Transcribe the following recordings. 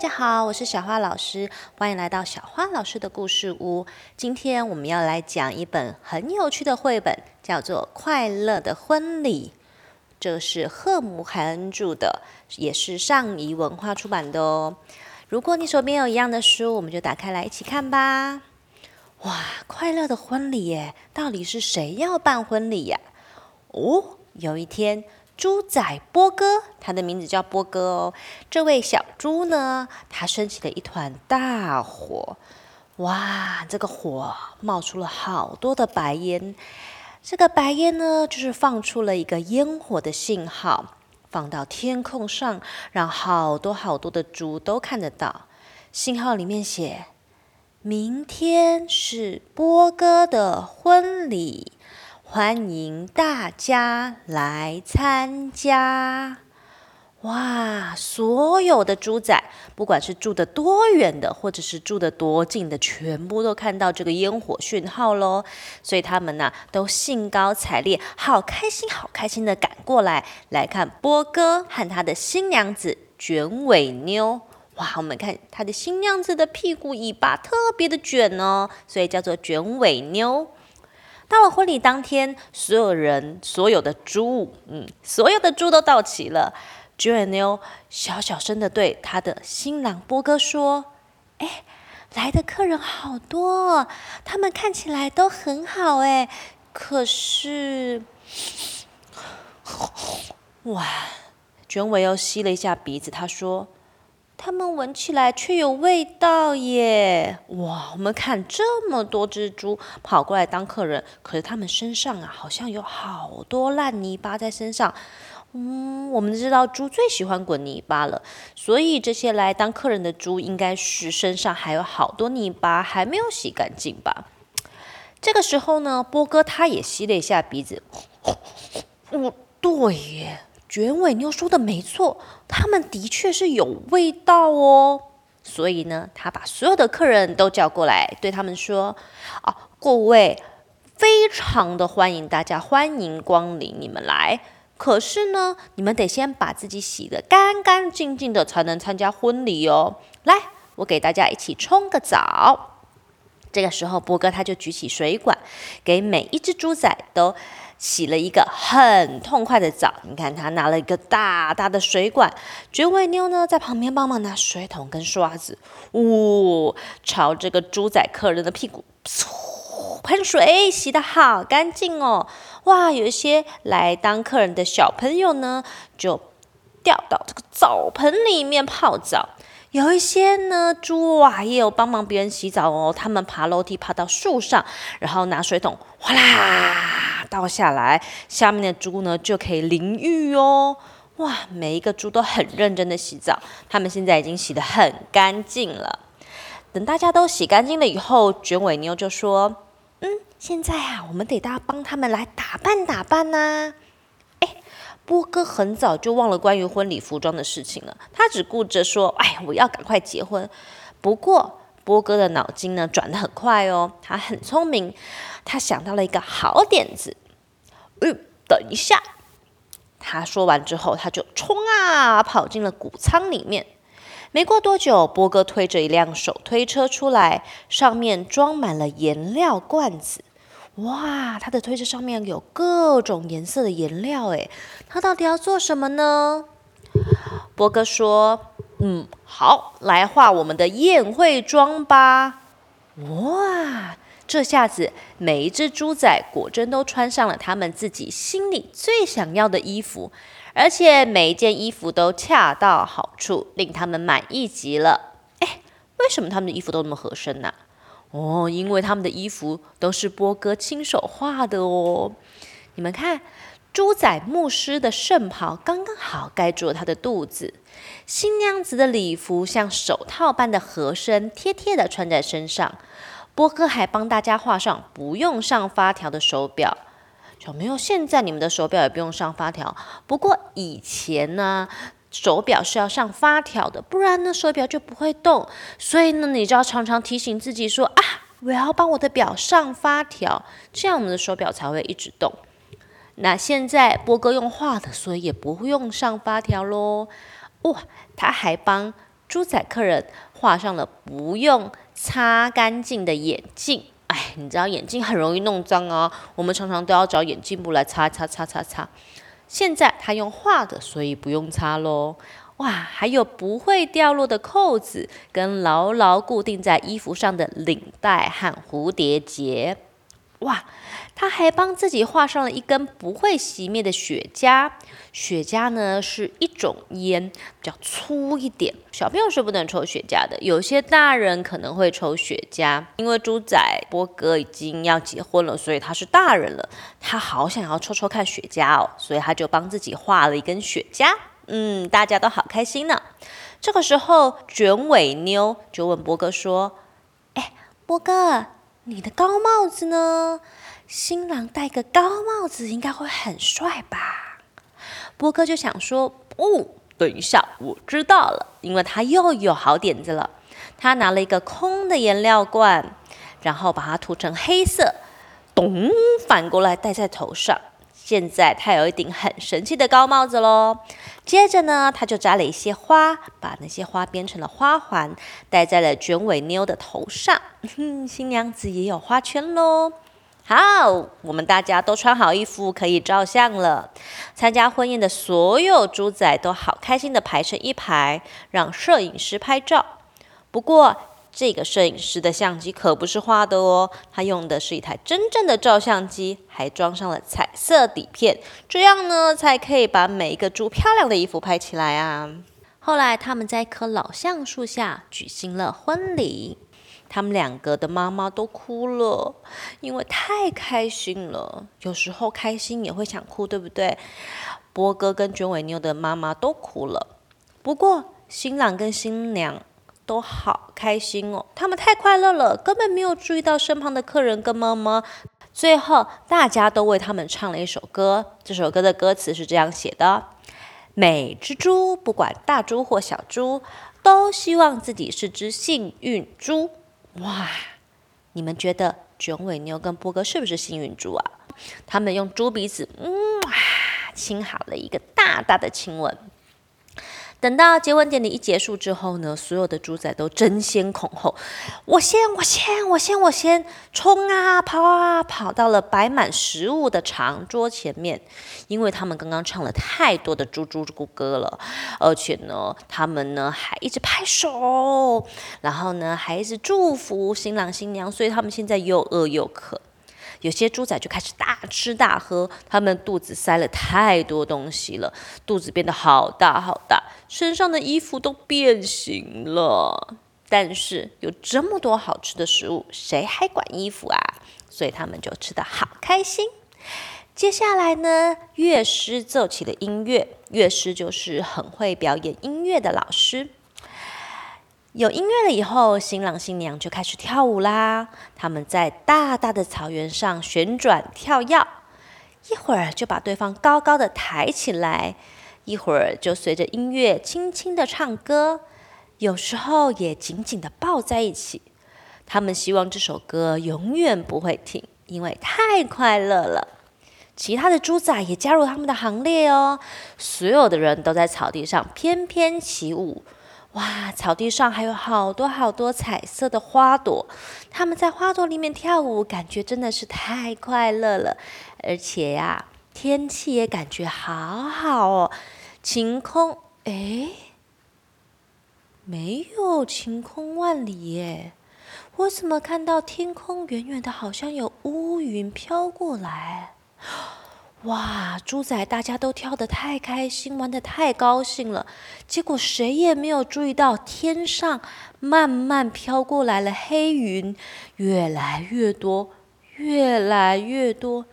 大家好，我是小花老師，歡迎來到小花老師的故事屋。今天我們要來講一本很有趣的繪本，叫做《快樂的婚禮》，這是赫姆海恩著的，也是上誼文化出版的哦。如果你手邊有一樣的書，我們就打開來一起看吧。哇，快樂的婚禮耶！到底是誰要辦婚禮呀？啊？哦，有一天。豬仔波哥，他的名字叫波哥哦。這位小豬呢，他升起了一團大火，哇！這個火冒出了好多的白煙。這個白煙呢，就是放出了一個煙火的信號，放到天空上，讓好多好多的豬都看得到。信號裡面寫：明天是波哥的婚禮。歡迎大家來參加！哇，所有的豬仔，不管是住得多遠的，或者是住得多近的，全部都看到這個煙火訊號嘍。所以他們呢，都興高采烈，好開心，好開心的趕過來來看波哥和他的新娘子卷尾妞。哇，我們看他的新娘子的屁股尾巴特別的卷哦，所以叫做卷尾妞。到了婚禮當天，所有人、所有的豬，嗯，所有的豬都到齊了。卷尾妞小小聲的對他的新郎波哥說：“哎，來的客人好多哦，他們看起來都很好哎，可是……哇！”卷尾又吸了一下鼻子，他說。他們聞起來卻有味道耶！哇，我們看這麼多只豬跑過來當客人，可是他們身上啊，好像有好多爛泥巴在身上。嗯，我們知道豬最喜歡滾泥巴了，所以這些來當客人的豬應該是身上還有好多泥巴，還沒有洗乾淨吧？這個時候呢，波哥他也吸了一下鼻子。哦，對耶。卷尾妞說的沒錯，他們的確是有味道哦。所以呢，他把所有的客人都叫過來，對他們說：“哦、啊，各位，非常的歡迎大家，歡迎光臨，你們來。可是呢，你們得先把自己洗得乾乾淨淨的，才能參加婚禮哦。來，我給大家一起沖個澡。”這個時候，波哥他就舉起水管，給每一隻豬仔都。洗了一個很痛快的澡，你看他拿了一個大大的水管，絕味妞呢在旁邊幫忙拿水桶跟刷子，嗚、哦，朝這個豬仔客人的屁股噗噴水，洗得好乾淨哦，哇，有一些來當客人的小朋友呢就。掉到這個澡盆裡面泡澡，有一些呢豬啊也有幫忙別人洗澡哦。他們爬樓梯爬到樹上，然後拿水桶嘩啦倒下來，下面的豬呢就可以淋浴哦。哇，每一個豬都很認真的洗澡，他們現在已經洗得很乾淨了。等大家都洗乾淨了以後，卷尾妞就說：“嗯，現在啊，我們得大家幫他們來打扮打扮吶、啊。”波哥很早就忘了關於婚禮服裝的事情了，他只顧着說：“哎，我要趕快結婚。”不過，波哥的腦筋呢轉得很快哦，他很聰明，他想到了一個好點子。嗯、呃，等一下！他說完之後，他就衝啊跑進了穀倉裡面。沒過多久，波哥推着一輛手推車出來，上面裝滿了顏料罐子。哇，他的推車上面有各種顏色的顏料，哎，他到底要做什麼呢？波哥說：“嗯，好，來畫我們的宴會裝吧。”哇，這下子每一隻豬仔果真都穿上了他們自己心裡最想要的衣服，而且每一件衣服都恰到好處，令他們滿意極了。哎，為什麼他們的衣服都那麼合身呢、啊？哦，因為他們的衣服都是波哥親手畫的哦。你們看，豬仔牧師的聖袍剛剛好蓋住了他的肚子，新娘子的禮服像手套般的合身，貼貼的穿在身上。波哥還幫大家畫上不用上發條的手表。小朋友，現在你們的手表也不用上發條，不過以前呢、啊？手錶是要上發條的，不然呢，手錶就不會動。所以呢，你就要常常提醒自己說啊，我要幫我的表上發條，這樣我們的手錶才會一直動。那現在波哥用畫的，所以也不用上發條嘍。哇、哦，他還幫豬仔客人畫上了不用擦乾淨的眼鏡。哎，你知道眼鏡很容易弄髒哦、啊，我們常常都要找眼鏡布來擦擦擦擦擦。擦擦擦擦現在他用畫的，所以不用擦咯。哇，還有不會掉落的扣子，跟牢牢固定在衣服上的領帶和蝴蝶結。哇，他還幫自己畫上了一根不會熄滅的雪茄。雪茄呢是一種煙，比較粗一點。小朋友是不能抽雪茄的，有些大人可能會抽雪茄。因為豬仔波哥已經要結婚了，所以他是大人了。他好想要抽抽看雪茄哦，所以他就幫自己畫了一根雪茄。嗯，大家都好開心呢。這個時候，捲尾妞就問波哥說：“哎，波哥。”你的高帽子呢？新郎戴個高帽子應該會很帥吧？波哥就想說，不、哦，等一下，我知道了，因為他又有好點子了。他拿了一個空的顏料罐，然後把它塗成黑色，咚，反過來戴在頭上。現在他有一頂很神奇的高帽子嘍。接着呢，他就扎了一些花，把那些花編成了花環，戴在了卷尾妞的頭上。嗯，新娘子也有花圈嘍。好，我們大家都穿好衣服，可以照相了。參加婚宴的所有豬仔都好開心地排成一排，讓攝影師拍照。不過，這個攝影師的相機可不是畫的哦，他用的是一台真正的照相機，還裝上了彩色底片，這樣呢才可以把每一個豬漂亮的衣服拍起來啊。後來他們在一棵老橡樹下舉行了婚禮，他們兩個的媽媽都哭了，因為太開心了。有時候開心也會想哭，對不對？波哥跟卷尾妞的媽媽都哭了，不過新郎跟新娘，都好開心哦，他們太快樂了，根本沒有注意到身旁的客人跟媽媽。最後，大家都為他們唱了一首歌。這首歌的歌詞是這樣寫的：每隻豬，不管大豬或小豬，都希望自己是隻幸運豬。哇，你們覺得捲尾牛跟波哥是不是幸運豬啊？他們用豬鼻子，嗯哇，親好了一個大大的親吻。等到結婚典禮一結束之後呢，所有的豬仔都爭先恐後，我先我先我先我先，衝啊跑啊，跑到了擺滿食物的長桌前面，因為他們剛剛唱了太多的豬豬咕歌了，而且呢，他們呢還一直拍手，然後呢還一直祝福新郎新娘，所以他們現在又餓又渴。有些豬仔就開始大吃大喝，他們肚子塞了太多東西了，肚子變得好大好大，身上的衣服都變形了。但是有這麼多好吃的食物，誰還管衣服啊？所以他們就吃得好開心。接下來呢，樂師奏起了音樂。樂師就是很會表演音樂的老師。有音樂了以後，新郎新娘就開始跳舞啦。他們在大大的草原上旋轉跳躍，一會兒就把對方高高的抬起來，一會兒就隨着音樂輕輕的唱歌，有時候也緊緊的抱在一起。他們希望這首歌永遠不會停，因為太快樂了。其他的豬仔也加入他們的行列哦。所有的人都在草地上翩翩起舞。哇，草地上還有好多好多彩色的花朵，他們在花朵裡面跳舞，感覺真的是太快樂了。而且呀、啊，天氣也感覺好好哦，晴空誒，沒有晴空萬里耶，我怎麼看到天空遠遠的，好像有烏雲飄過來？哇，豬仔，大家都跳得太開心，玩得太高興了，結果誰也沒有注意到天上慢慢飄過來了黑雲，越來越多，越來越多，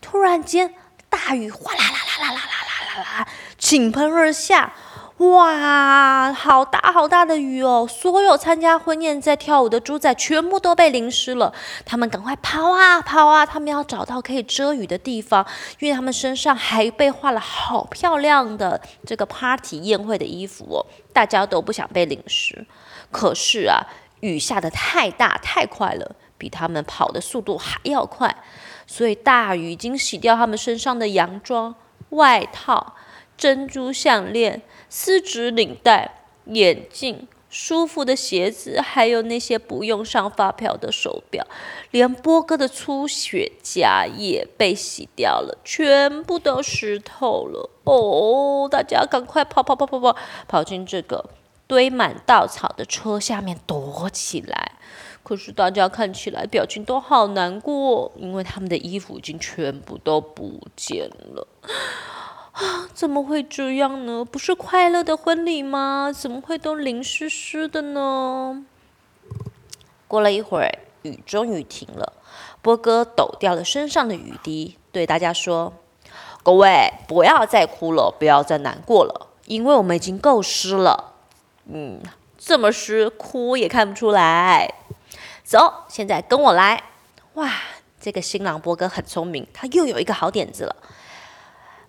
突然間，大雨嘩啦啦啦啦啦啦啦啦啦，傾盆而下。哇，好大好大的雨哦！所有參加婚宴在跳舞的豬仔全部都被淋濕了。他們趕快跑啊跑啊，他們要找到可以遮雨的地方，因為他們身上還被畫了好漂亮的這個 party 宴會的衣服哦。大家都不想被淋濕，可是啊，雨下得太大太快了，比他們跑的速度還要快，所以大雨已經洗掉他們身上的洋裝外套。珍珠項鏈、絲質領帶、眼鏡、舒服的鞋子，還有那些不用上發票的手錶，連波哥的粗雪茄也被洗掉了,全部都濕透了。哦，大家趕快跑跑跑跑跑，跑進這個堆滿稻草的車下面躲起來。可是大家看起來表情都好難過哦，因為他們的衣服已經全部都不見了。怎麼會這樣呢？不是快樂的婚禮嗎？怎麼會都淋濕濕的呢？過了一會兒，雨終於停了。波哥抖掉了身上的雨滴，對大家說：“各位，不要再哭了，不要再難過了，因為我們已經夠濕了。嗯，這麼濕，哭也看不出來。走，現在跟我來。哇，這個新郎波哥很聰明，他又有一個好點子了。”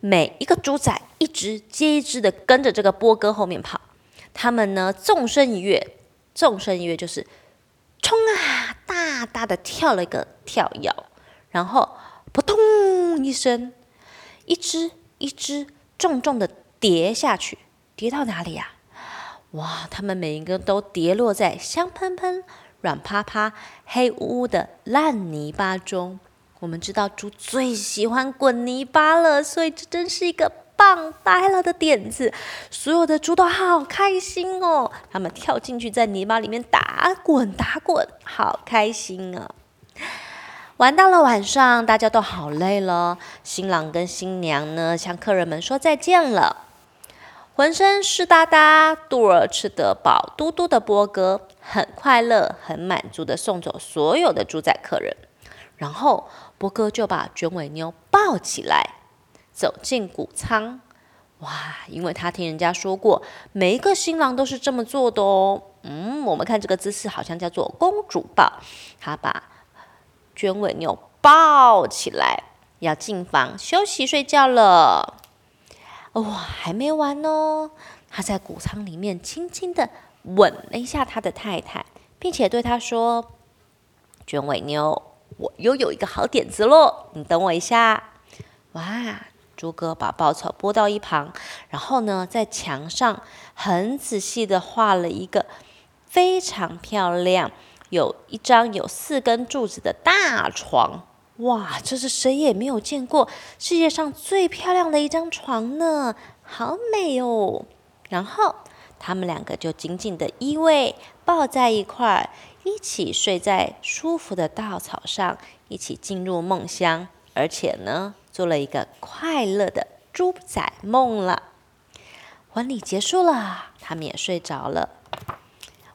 每一個豬仔，一隻接一隻的跟着這個波哥後面跑。他們呢，縱身一躍，縱身一躍就是衝啊，大大的跳了一個跳躍，然後撲通一聲，一隻一隻重重的跌下去，跌到哪裡呀？啊？哇，他們每一個都跌落在香噴噴、軟趴趴、黑烏烏的爛泥巴中。我們知道豬最喜歡滾泥巴了，所以這真是一個棒呆了的點子。所有的豬都好開心哦，他們跳進去在泥巴裡面打滾打滾，好開心啊、哦！玩到了晚上，大家都好累了。新郎跟新娘呢，向客人們說再見了，渾身濕噠噠，肚兒吃得飽，嘟嘟的波哥很快樂、很滿足地送走所有的豬仔客人，然後。波哥就把捲尾妞抱起來，走進穀倉。哇，因為他聽人家說過，每一個新郎都是這麼做的哦。嗯，我們看這個姿勢好像叫做公主抱。他把捲尾妞抱起來，要進房休息睡覺了。哇、哦，還沒完哦，他在穀倉裡面輕輕地吻了一下他的太太，並且對他說：“捲尾妞。”我又有一個好點子嘍！你等我一下。哇，波哥把稻草撥到一旁，然後呢，在牆上很仔細的畫了一個非常漂亮、有一張有四根柱子的大床。哇，這是誰也沒有見過世界上最漂亮的一張床呢，好美哦！然後他們兩個就緊緊的依偎，抱在一塊兒。一起睡在舒服的稻草上，一起進入夢鄉，而且呢，做了一個快樂的豬仔夢了。婚禮結束了，他們也睡着了。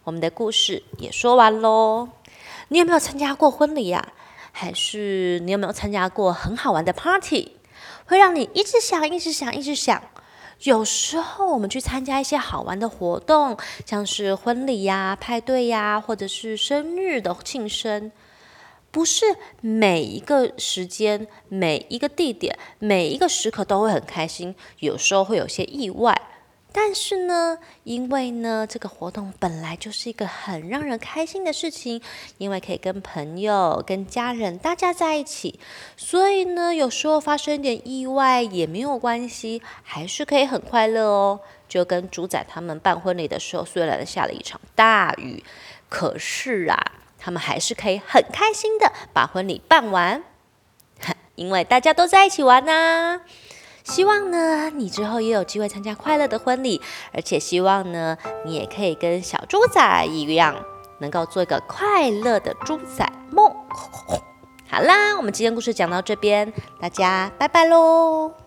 我們的故事也說完嘍。你有沒有參加過婚禮呀？還是你有沒有參加過很好玩的 party，會讓你一直想、一直想、一直想？有時候我們去參加一些好玩的活動，像是婚禮呀、啊、派對呀、啊，或者是生日的慶生，不是每一個時間、每一個地點、每一個時刻都會很開心，有時候會有些意外。但是呢，因為呢，這個活動本來就是一個很讓人開心的事情，因為可以跟朋友、跟家人大家在一起，所以呢，有時候發生點意外也沒有關係，還是可以很快樂哦。就跟豬仔他們辦婚禮的時候，雖然下了一場大雨，可是啊，他們還是可以很開心的把婚禮辦完，因為大家都在一起玩呢、啊。希望呢，你之後也有機會參加快樂的婚禮，而且希望呢，你也可以跟小豬仔一樣，能夠做一個快樂的豬仔夢。好啦，我們今天故事講到這邊，大家拜拜嘍。